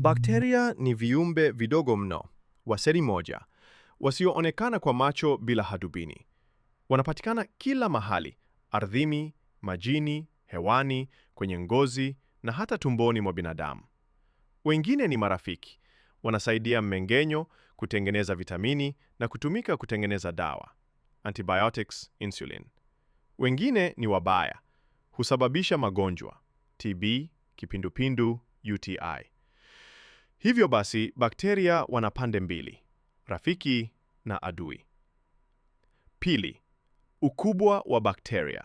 Bakteria ni viumbe vidogo mno wa seli moja wasioonekana kwa macho bila hadubini. Wanapatikana kila mahali: ardhini, majini, hewani, kwenye ngozi na hata tumboni mwa binadamu. Wengine ni marafiki, wanasaidia mmeng'enyo, kutengeneza vitamini na kutumika kutengeneza dawa, antibiotics, insulin. Wengine ni wabaya, husababisha magonjwa, TB, kipindupindu, UTI. Hivyo basi bakteria wana pande mbili, rafiki na adui. Pili, ukubwa wa bakteria.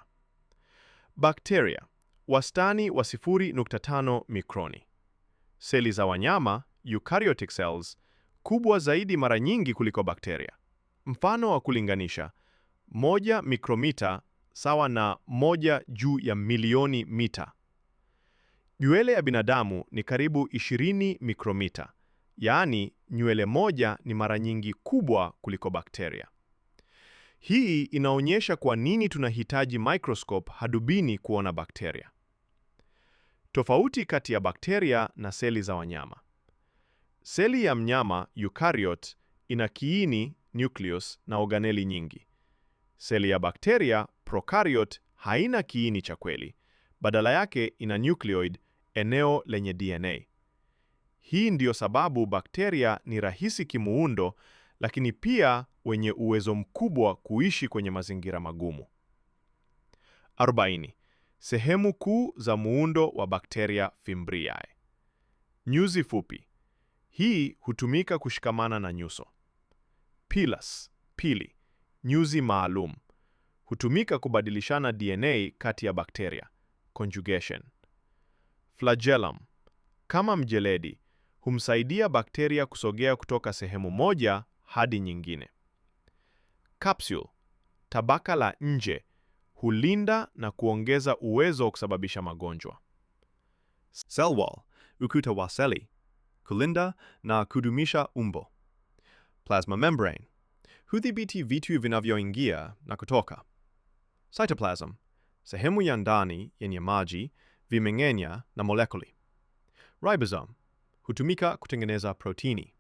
Bakteria wastani wa 0.5 mikroni. Seli za wanyama eukaryotic cells kubwa zaidi mara nyingi kuliko bakteria. Mfano wa kulinganisha, moja mikromita sawa na moja juu ya milioni mita. Nywele ya binadamu ni karibu 20 mikromita, yaani nywele moja ni mara nyingi kubwa kuliko bakteria. Hii inaonyesha kwa nini tunahitaji microscope hadubini kuona bakteria. Tofauti kati ya bakteria na seli za wanyama. Seli ya mnyama eukaryote ina kiini, nucleus na organeli nyingi. Seli ya bakteria prokaryote haina kiini cha kweli, badala yake ina nucleoid, eneo lenye DNA. Hii ndiyo sababu bakteria ni rahisi kimuundo, lakini pia wenye uwezo mkubwa kuishi kwenye mazingira magumu. 40. Sehemu kuu za muundo wa bakteria Fimbriae. Nyuzi fupi. Hii hutumika kushikamana na nyuso. Pilus, pili, nyuzi maalum. Hutumika kubadilishana DNA kati ya bakteria conjugation. Flagellum kama mjeledi humsaidia bakteria kusogea kutoka sehemu moja hadi nyingine. Capsule tabaka la nje hulinda na kuongeza uwezo wa kusababisha magonjwa. Cell wall ukuta wa seli kulinda na kudumisha umbo. Plasma membrane hudhibiti vitu vinavyoingia na kutoka. Cytoplasm sehemu ya ndani yenye maji, vimeng'enya na molekuli. Ribosome hutumika kutengeneza protini.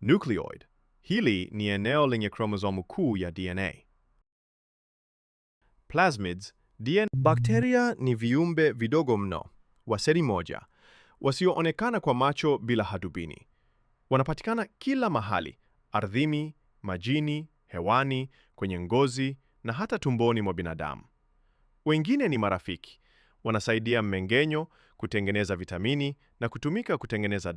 Nucleoid, hili ni eneo lenye kromosomu kuu ya DNA. Plasmids, DNA. Bakteria ni viumbe vidogo mno wa seli moja wasioonekana kwa macho bila hadubini. Wanapatikana kila mahali: ardhini, majini, hewani, kwenye ngozi na hata tumboni mwa binadamu. Wengine ni marafiki, wanasaidia mmeng'enyo, kutengeneza vitamini na kutumika kutengeneza